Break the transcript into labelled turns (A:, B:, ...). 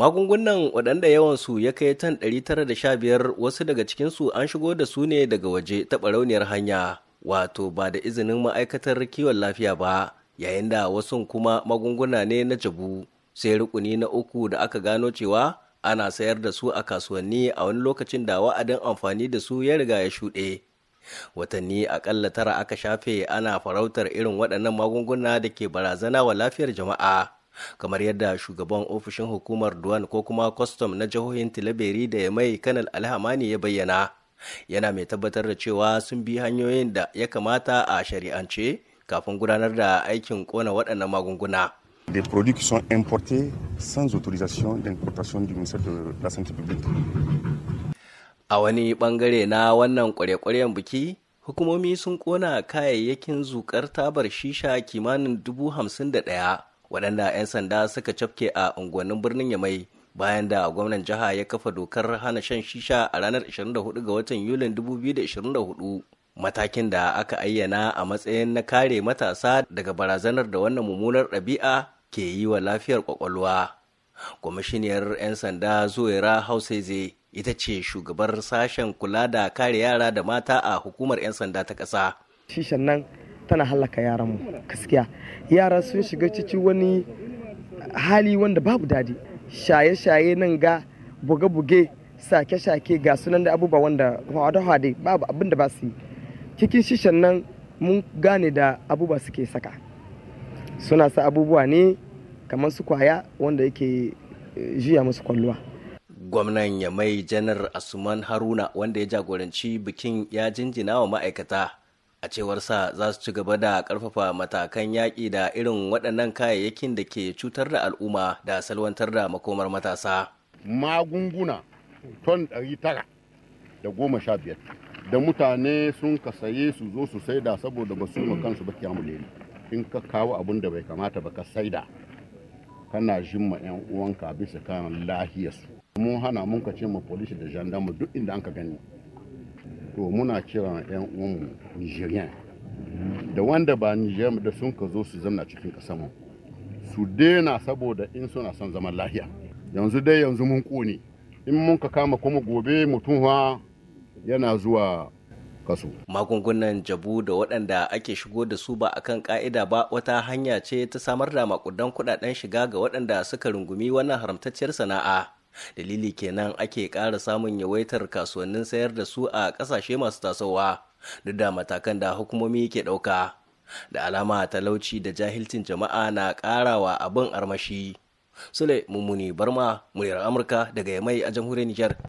A: magungunan waɗanda yawansu ya kai tan 915 wasu daga cikinsu an shigo da su ne daga waje ta barauniyar hanya wato ba da izinin ma'aikatar kiwon lafiya ba yayin da wasu kuma magunguna ne na jabu sai rukuni na uku da aka gano cewa ana sayar da su a kasuwanni a wani lokacin da wa'adin amfani da su ya riga ya shuɗe watanni akalla tara aka shafe ana farautar irin waɗannan magunguna da ke barazana wa lafiyar jama'a kamar yadda shugaban ofishin hukumar duwan ko kuma kwastam na jihohin tilaberi da ya mai kanal alhamani ya bayyana yana mai tabbatar da cewa sun bi hanyoyin da ya kamata a shari'ance kafin gudanar da aikin kona waɗannan magunguna
B: des produits qui sont importés sans autorisation d'importation du ministère de la santé publique
A: a wani bangare na wannan kware biki hukumomi sun kona kayayyakin zukar tabar shisha kimanin dubu hamsin da ɗaya waɗanda 'yan sanda suka cafke a unguwannin birnin Yamai bayan da gwamnan jiha ya kafa dokar hana shan shisha a ranar 24 ga watan Yulin 2024. Matakin da aka ayyana a matsayin na kare matasa daga barazanar da wannan mummunar ɗabi'a ke yi wa lafiyar kwakwalwa. Kwamishiniyar 'yan sanda Zuwaira Hausaize ita ce shugabar sashen kula da kare yara da mata a hukumar 'yan sanda ta ƙasa.
C: Shishan nan tana halaka yaranmu gaskiya yara sun shiga ciki wani hali wanda babu dadi shaye-shaye nan ga buge-buge sake-sake ga sunan da abubuwa wanda hwade-hwade babu abin da ba su yi cikin shishan nan mun gane da abubuwa suke saka suna sa abubuwa ne kamar su kwaya wanda yake eh, juya musu kwalluwa
A: gwamnan ya mai janar asuman haruna wanda ya jagoranci bikin ya jinjina wa ma'aikata a cewar sa za su ci gaba da karfafa matakan yaƙi da irin waɗannan kayayyakin da ke cutar da al'umma da salwantar da makomar matasa magunguna ton 900 da goma sha biyar
B: da mutane sun ka saye su zo su saida saboda ba su kansu ba kiyamu leli in ka kawo abin da bai kamata ba ka saida kana jimma yan uwanka bisa kayan lahiyarsu mun hana mun ka ce ma polisi da gendarme duk inda an ka gani to muna kiran 'yan uwanmu nigerian da wanda ba nigerian da sun ka zo su zamna cikin mu su daina saboda in suna son zaman lahiya yanzu dai yanzu mun kone in mun ka kama kuma gobe mutum
A: yana zuwa kaso. Magungunan jabu da waɗanda ake shigo da su ba a kan ƙa'ida ba wata hanya ce ta samar da makudan kuɗaɗen shiga ga waɗanda suka rungumi wannan haramtacciyar sana'a. dalili kenan ake ƙara samun yawaitar kasuwannin sayar da su a ƙasashe masu tasowa duk da matakan da hukumomi ke ɗauka da alama talauci da jahilcin jama'a na ƙarawa abin armashi sule mummuni barma muryar amurka daga yamai a jamhuriyar nijar